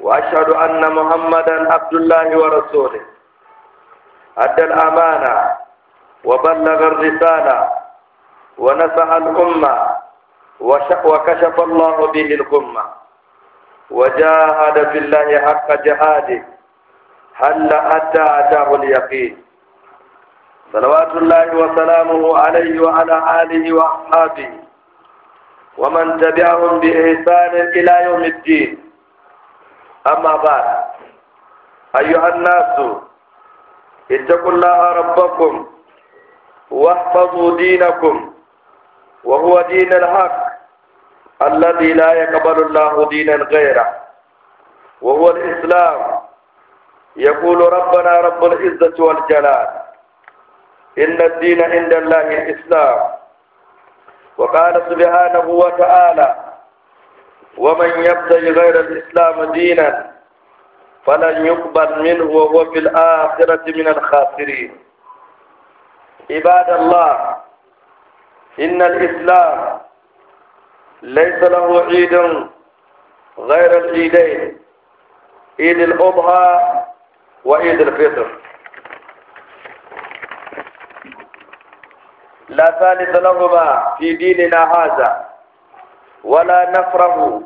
وأشهد أن محمدا عبد الله ورسوله أدى الأمانة وبلغ الرسالة ونصح الأمة وكشف الله به الغمة وجاهد في الله حق جهاده هل أتى أتاه اليقين صلوات الله وسلامه عليه وعلى آله وأصحابه ومن تبعهم بإحسان إلى يوم الدين أما بعد أيها الناس اتقوا الله ربكم واحفظوا دينكم وهو دين الحق الذي لا يقبل الله دينا غيره وهو الإسلام يقول ربنا رب العزة والجلال إن الدين عند الله الإسلام وقال سبحانه وتعالى ومن يبتغي غير الإسلام دينا فلن يقبل منه وهو في الآخرة من الخاسرين عباد الله إن الإسلام ليس له عيد غير العيدين عيد الأضحى وعيد الفطر لا ثالث لهما في ديننا هذا ولا نفرح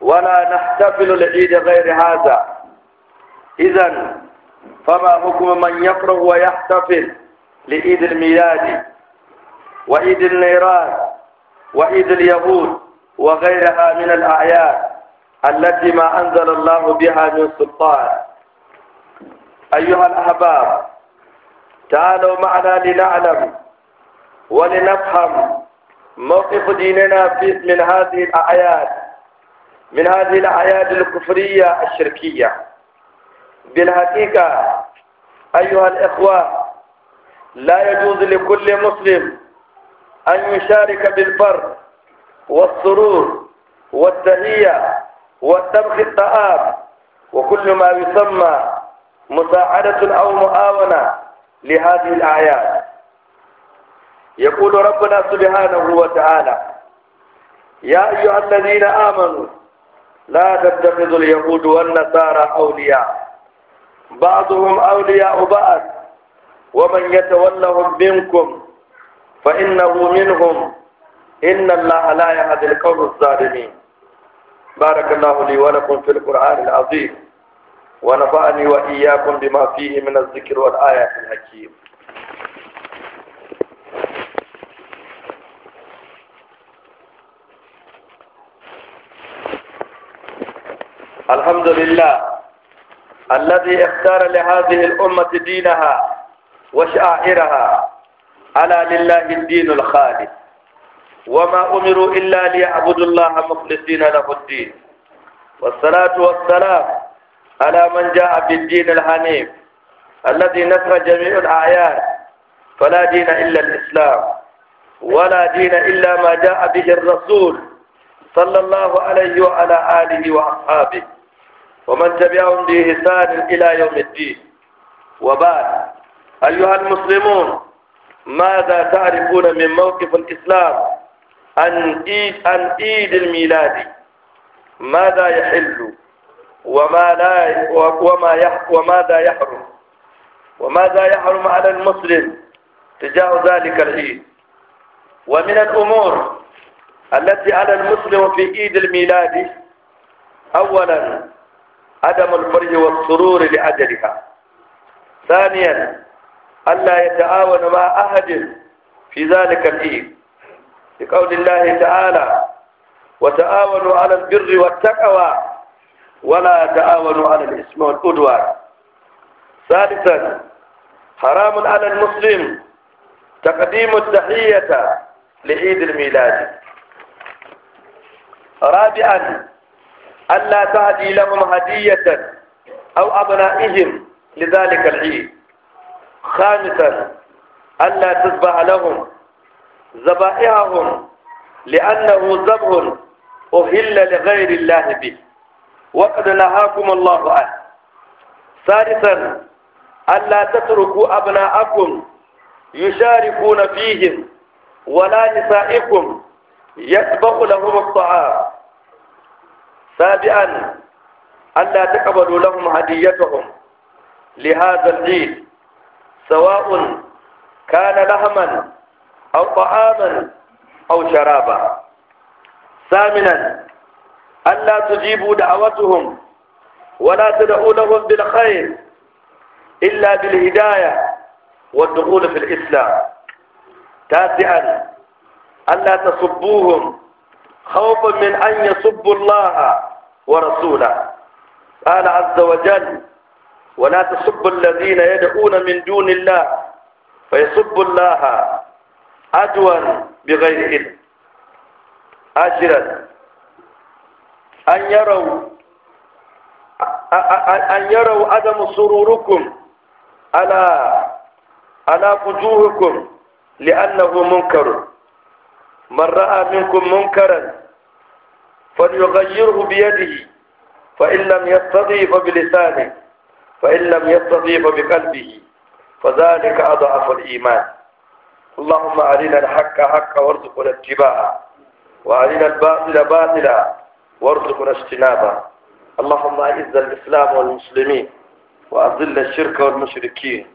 ولا نحتفل العيد غير هذا إذا فما حكم من يفرح ويحتفل لعيد الميلاد وعيد النيران وعيد اليهود وغيرها من الأعياد التي ما أنزل الله بها من سلطان أيها الأحباب تعالوا معنا لنعلم ولنفهم موقف ديننا في من هذه الآيات من هذه الآيات الكفرية الشركية بالحقيقة أيها الإخوة لا يجوز لكل مسلم أن يشارك بالفرح والسرور والتهية والتبخ الطعام وكل ما يسمى مساعدة أو معاونة لهذه الآيات يقول ربنا سبحانه وتعالى يا أيها الذين آمنوا لا تتخذوا اليهود والنصارى أولياء بعضهم أولياء بعض ومن يتولهم منكم فإنه منهم إن الله لا يهدي القوم الظالمين بارك الله لي ولكم في القرآن العظيم ونفعني وإياكم بما فيه من الذكر والآيات الحكيم الحمد لله الذي اختار لهذه الأمة دينها وشعائرها على لله الدين الخالد وما أمروا إلا ليعبدوا الله مخلصين له الدين والصلاة والسلام على من جاء بالدين الحنيف الذي نسر جميع الأعيان فلا دين إلا الإسلام ولا دين إلا ما جاء به الرسول صلى الله عليه وعلى آله وأصحابه ومن تبعهم بإحسان إلى يوم الدين وبعد أيها المسلمون ماذا تعرفون من موقف الإسلام عن عيد عن عيد الميلاد ماذا يحل وما لا وما وماذا يحرم وماذا يحرم على المسلم تجاه ذلك العيد ومن الأمور التي على المسلم في عيد الميلاد أولا adamu almarji wa sururi da ajali ha allah ya ta'awa na ma ahadin fi zalika fi fi kaunin ta'ala wa ta'awa na alal birri wa takawa wala ta'awa na alal ismawar uduwa sadisar haramun alal muslim ta kadimun tahiyyata da idil rabi'an ألا تهدي لهم هدية أو أبنائهم لذلك العيد خامسا ألا تذبح لهم ذبائحهم لأنه ذبح أهل لغير الله به وقد نهاكم الله عنه ثالثا ألا تتركوا أبناءكم يشاركون فيهم ولا نسائكم يسبق لهم الطعام سابعا ألا تقبلوا لهم هديتهم لهذا العيد سواء كان لهما أو طعاما أو شرابا ثامنا ألا تجيبوا دعوتهم ولا تدعوا لهم بالخير إلا بالهداية والدخول في الإسلام تاسعا ألا تصبوهم خوفا من أن يسبوا الله ورسوله قال عز وجل ولا تسبوا الذين يدعون من دون الله فيسبوا الله عدوا بغير علم عاشرا أن يروا أن يروا عدم سروركم على على وجوهكم لأنه منكر من رأى منكم منكرا فليغيره بيده فإن لم يستضيف بلسانه فإن لم يستضيف بقلبه فذلك أضعف الإيمان اللهم أرنا الحق حقا وارزقنا اتباعه وأرنا الباطل باطلا وارزقنا اجتنابه اللهم أعز الإسلام والمسلمين وأذل الشرك والمشركين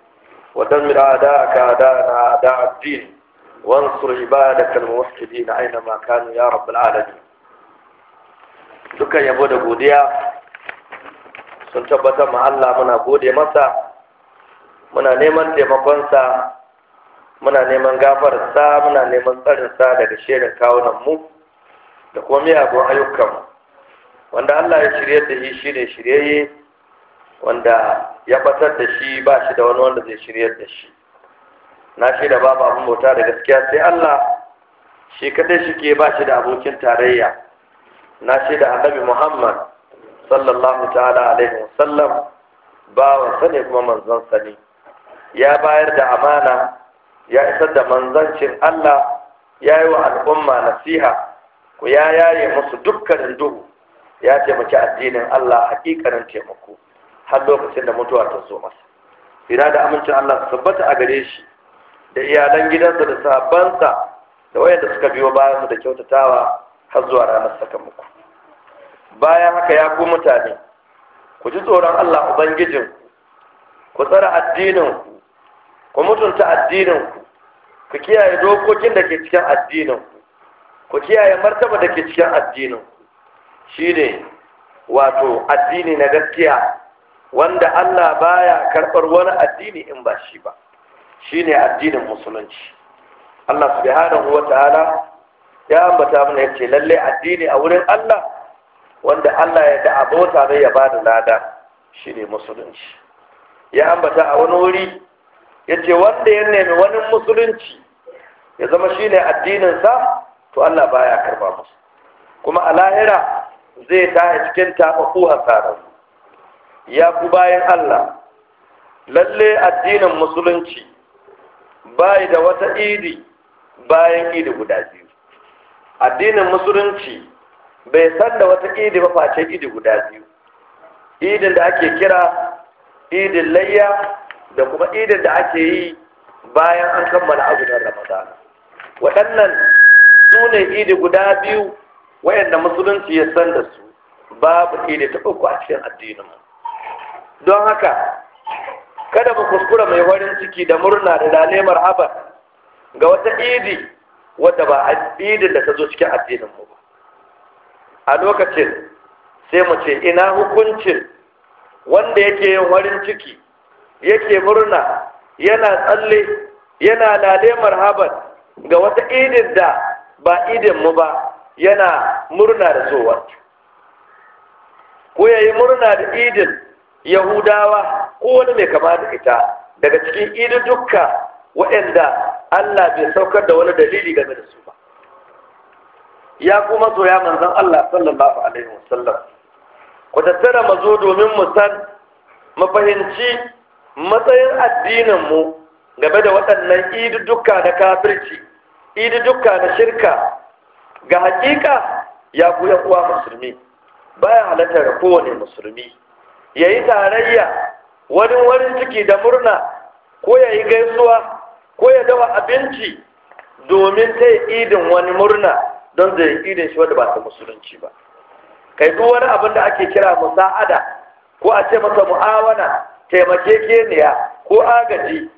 ودمر أعداءك أعداءنا أعداء الدين وانصر عبادك الموحدين اينما كانوا يا رب العالمين dukan yabo da godiya sun tabbatar ma Allah muna gode masa muna neman taimakonsa muna neman gafararsa muna neman tsarinsa daga shirin kawunanmu da kuma miyagun ayyukanmu wanda Allah ya shirye da shi shi ne wanda ya batar da shi ba shi da wani wanda zai shirye da shi na da babu abin bauta da gaskiya sai Allah shi kadai shi ke ba shi da abokin tarayya na da annabi Muhammad sallallahu ta'ala alaihi wasallam ba wa sani kuma manzon sa ya bayar da amana ya isar da manzancin Allah ya yi wa al'umma nasiha ku ya yaye musu dukkanin duhu ya taimaki addinin Allah hakikanin taimako har lokacin da mutuwa ta zo masa ina da amincin Allah su tabbata a gare shi da iyalan gidansa da sabonsa da wayanda suka biyo bayansa da kyautatawa har zuwa ranar sakamako bayan haka ya ku mutane ku ji tsoron Allah ubangijin ku tsara addinin ku mutunta addinin ku kiyaye dokokin da ke cikin addinin ku kiyaye martaba da ke cikin addinin ne, wato addini na gaskiya wanda Allah baya karɓar wani addini in ba shi ba shine addinin musulunci Allah subhanahu wataala ya ambata mana yace lalle addini a wurin Allah wanda Allah ya da abota ne ya bada lada shine musulunci ya ambata a wani wuri yace wanda ya nemi wani musulunci ya zama shine addinin sa to Allah baya karba musu kuma a lahira zai a cikin tabaku hasaran ya ku bayan Allah lalle addinin musulunci bai da wata idi bayan idi guda biyu addinin musulunci bai san da wata idi ba face idi guda biyu idin da ake kira idin layya da kuma idin da ake yi bayan an kammala azumin ramadan waɗannan sune ne idi guda biyu wayanda musulunci ya san da su babu idi ta uku a cikin addininmu don haka kada mu kuskura mai warin ciki da murna da lalemar abad ga wata idi wata ba idin da ta zo cikin addinin mu ba a lokacin sai mu ce ina hukuncin wanda yake yin warin ciki yake murna yana tsalle yana lalemar habad ga wata idin da ba idin mu ba yana murna da zuwa ku yayi murna da idin yahudawa ko mai kama da ita daga cikin idan dukka waɗanda Allah bai saukar da wani dalili game da su ba ya kuma so ya manzan Allah sallallahu alaihi wasallam ku tattara zo domin mu san mu fahimci matsayin addinin mu game da waɗannan dukka da kafirci dukka da shirka ga hakika ya buya uwa musulmi baya halatta ga kowane musulmi ya yi tarayya wani wani ciki da murna ko ya yi gaisuwa ko ya dawa abinci domin ta yi idin wani murna don zai yi idin shi wanda ba ta musulunci ba kai duk wani abin da ake kira musa'ada ko a ce masa mu'awana taimakekeniya ko agaji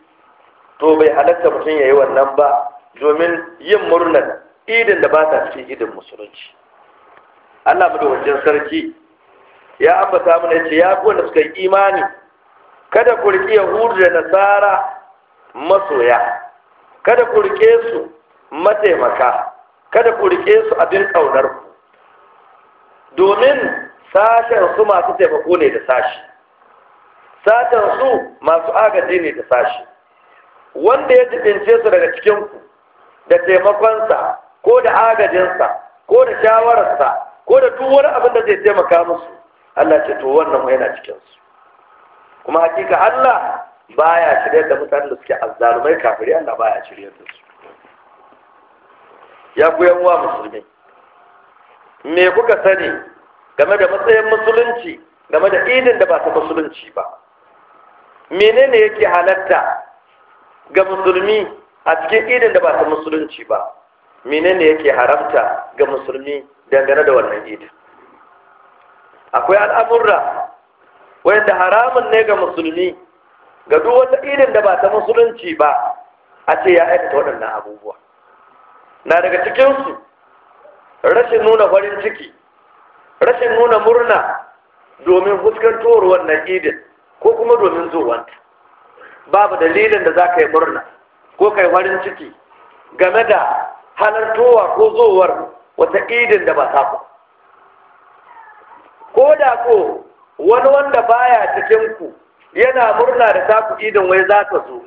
to bai halatta mutum ya yi wannan ba domin yin murnar idin da ba ta cikin idin musulunci Allah wajen sarki ya ambata mana ya ce ya kowanne suka yi imani kada ku riƙe yahudu da nasara masoya kada ku riƙe su mataimaka kada ku riƙe su abin ƙaunar ku domin sashen su masu taimako ne da sashi sashen su masu agaji ne da sashi wanda ya jibince su daga cikinku da taimakonsa ko da agajinsa ko da shawararsa ko da duk wani abin da zai taimaka musu Allah ce to wannan mu yana cikinsu kuma hakika Allah baya shirya da mutanen da suke azzalumai kafiri Allah baya shirye da su ya ku yan uwa musulmi me kuka sani game da matsayin musulunci game da idin da ba ta musulunci ba menene yake halatta ga musulmi a cikin idin da ba ta musulunci ba menene yake haramta ga musulmi dangane da wannan idin akwai al'amurra wanda haramun ne ga musulmi ga duk wata irin da ba ta musulunci ba a ce ya aikata waɗannan abubuwa na daga cikinsu rashin nuna farin ciki rashin nuna murna domin fuskantowar wannan idin ko kuma domin zuwanta babu dalilin da za ka yi murna ko kai yi farin ciki game da halartowa ko zowar wata idin da ba ta ko da ko wani wanda baya cikin ku yana murna da taku idan wai za ta zo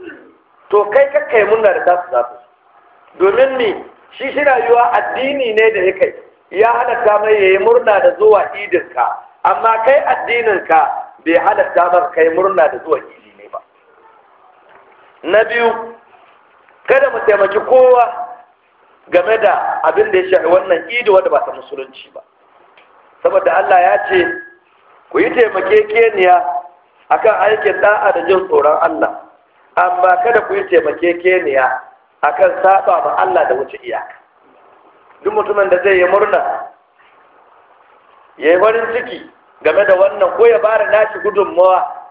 to kai kakkai murna da taku za ta zo domin ni shi shina yiwa addini ne da ya kai ya halatta mai yayi murna da zuwa idinka amma kai addininka bai halatta mar kai murna da zuwa idi ne ba na biyu kada mu taimaki kowa game da abin da ya shafi wannan idi wanda ba ta musulunci ba saboda Allah ya ce ku yi taimake taimakekeniya kan aikin da'a da jin tsoron Allah amma kada ku yi taimakekeniya kan saba ma Allah da wuce iyaka duk mutumin da zai yi murna ya yi farin ciki game da wannan ko ya bada nashi gudunmawa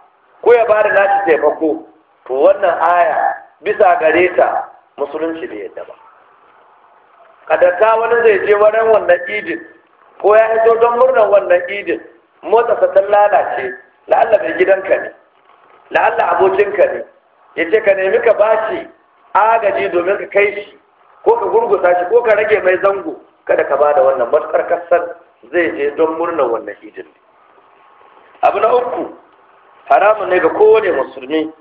ko ya bada nashi taimako to wannan aya bisa gare ta musulunci bai yadda ba kadarta wani zai je wannan wannan idin ko ya hito don murnar wannan idin motarsa ta lalace la'alla mai gidanka ne la'alla abokinka ne ya ce ka nemi ka bashi agaji domin ka kai shi ko ka gurgusa shi ko ka rage mai zango kada ka ba da wannan matsar kasar zai je don murnar wannan hijin abu na uku haramun ne ga kowane musulmi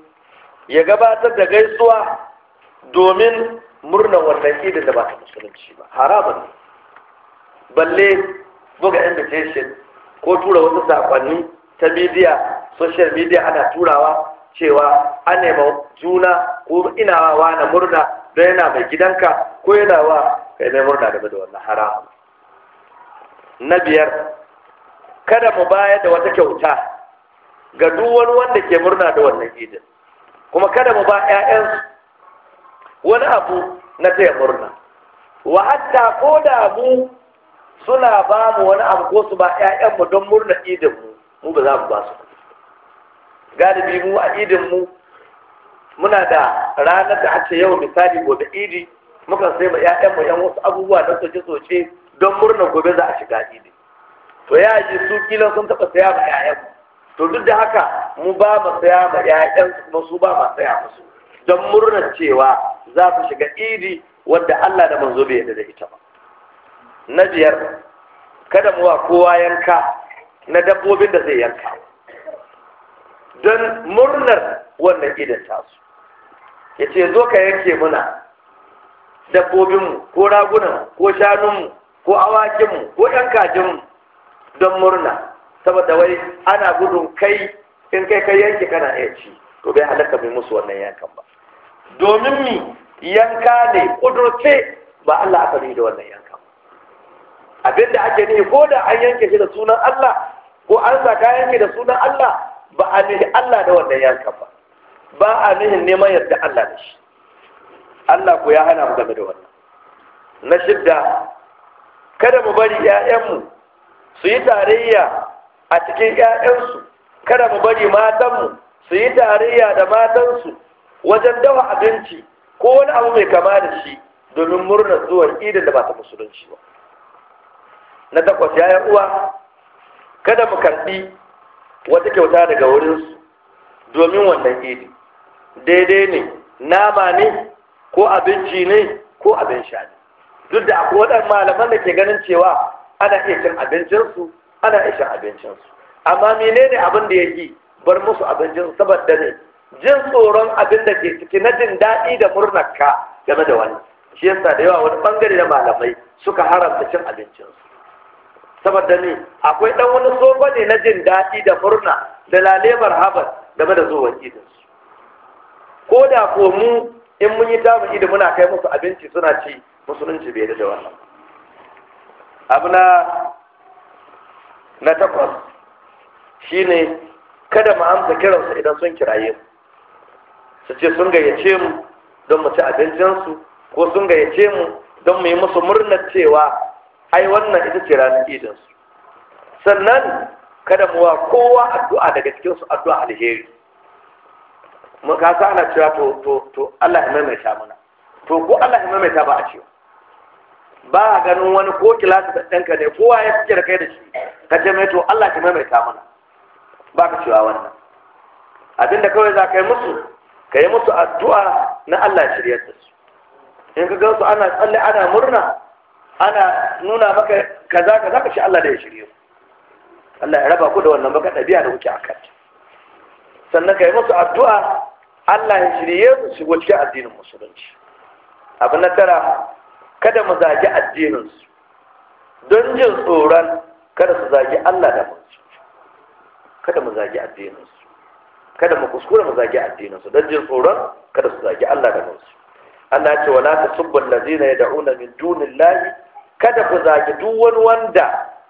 ya gabatar da gaisuwa domin murnar wannan hijin da ba ta musulunci ba haramun ne balle buga invitation ko tura wasu sakonni ta midiya social media ana turawa cewa an nema juna ko ina wa na murna don yana mai gidanka ko yana wa kai mai murna game da wannan haramun na biyar kada mu bayar da wata kyauta ga duk wani wanda ke murna da wannan idin kuma kada mu ba 'ya'yansu wani abu na taya murna wa ko da mu suna ba mu wani abu ko su ba ƴaƴanmu don murna idinmu mu ba za mu ba su galibi mu a idinmu muna da ranar da ake yau misali gobe idi mukan sai ma ƴaƴanmu ƴan wasu abubuwa na soce-soce don murna gobe za a shiga idi to ya ji su kilan sun taɓa saya ma ƴaƴanmu to duk da haka mu ba mu saya ma ƴaƴansu kuma su ba ma saya musu don murnar cewa za su shiga idi wadda Allah da manzo bai yarda da ita ba na biyar kada mu wa kowa yanka na dabbobin da zai yanka don murnar wannan idan tasu ya ce zo ka yanke muna dabbobinmu ko ragunan ko shanunmu ko awakinmu ko ɗan kajinmu don murna saboda wai ana gudun kai in kai kai yanke kana iya ci to bai halaka mai musu wannan yankan ba domin mi yanka ne ƙudurce ba Allah aka da wannan yankan. Abin da ake ne ko da an yanke shi da sunan Allah ko an zaka yanke da sunan Allah ba a nihin Allah da wannan yankan ba ba a nihin neman yarda Allah da shi Allah ko ya hana mu game da wannan na shidda kada mu bari ƴaƴanmu su yi tarayya a cikin ƴaƴansu kada mu bari matanmu su yi tarayya da matansu wajen dawa abinci ko wani abu mai kama da shi domin murnar zuwan idan da ba ta musulunci ba na takwas ya yi uwa kada mu karɓi wata kyauta daga wurinsu domin wannan idi daidai ne nama ne ko abinci ne ko abin sha ne duk da akwai waɗannan malaman da ke ganin cewa ana iya cin abincinsu ana iya cin abincinsu amma menene abin da ya yi bar musu abincin saboda ne jin tsoron abin da ke ciki na jin daɗi da murnarka game da wani shi yasa da yawa wani bangare na malamai suka haramta cin abincinsu saboda ne akwai ɗan wani tsofa ne na jin daɗi da murna da lalebar habar game da zuwan gidansu ko da ko mu in mun yi tamu idi muna kai musu abinci suna ci musulunci bai da wannan abu na na takwas shine kada mu amsa kiransu idan sun kiraye su ce sun gayyace mu don mu ci abincinsu ko sun gayyace mu don mu yi musu murnar cewa ai wannan ita ce ranar idan su sannan kada mu wa kowa addu'a daga cikin su addu'a alheri Mu ka sa ana cewa to to to Allah ya maimaita mana to ko Allah ya maimaita ba a ce ba a ganin wani ko kilasi da ɗanka ne kowa ya fice da kai da shi ka ce mai to Allah ya maimaita mana ba ka cewa wannan abinda kawai za ka yi musu ka yi musu addu'a na Allah shiryar da su in ka su ana tsalle ana murna ana nuna maka kaza kaza ka shi Allah da ya shirye ku Allah ya raba ku da wannan baka ɗabi'a da kuke akan sannan kai musu addu'a Allah ya shirye su shigo cikin addinin musulunci abu na tara kada mu zagi addinin su don jin tsoron kada su zagi Allah da musulunci kada mu zagi addinin su kada mu kuskura mu zagi addinin su don jin tsoron kada su zagi Allah da musulunci Allah ya ce wala tasubbu allazina yad'una min dunillahi kada ku zagi duk wani wanda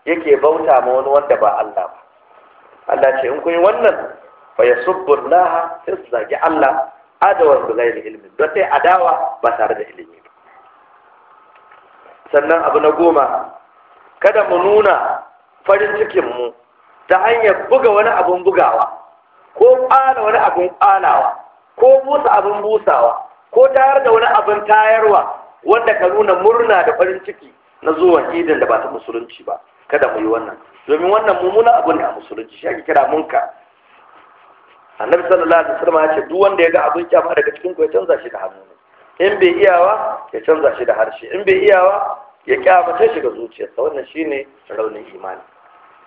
yake bauta ma wani wanda ba Allah ba Allah ce in kun wannan fa yasubbu Allah sai Allah adawar da zai ilimi don sai adawa ba tare da ilimi ba sannan abu na goma kada mu nuna farin cikin mu ta hanyar buga wani abun bugawa ko ƙana wani abun ƙanawa ko busa abun busawa ko tayar da wani abun tayarwa wanda ka nuna murna da farin ciki na zuwan idan da ba ta musulunci ba kada mu yi wannan domin wannan mummuna abu ne a musulunci shi ake kira munka annabi sallallahu alaihi wasallam ya ce duk wanda ya ga abin kyama daga cikin ku ya canza shi da hannu in bai iyawa ya canza shi da harshe in bai iyawa ya kyamace shi ga zuciyarsa wannan shine raunin imani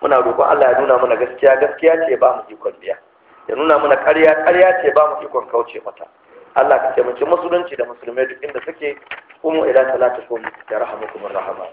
muna roƙon Allah ya nuna mana gaskiya gaskiya ce ba mu ikon biya ya nuna mana ƙarya ƙarya ce ba mu ikon kauce mata Allah ka taimaki musulunci da musulmai duk inda suke kuma ila salatu kum ya kuma rahama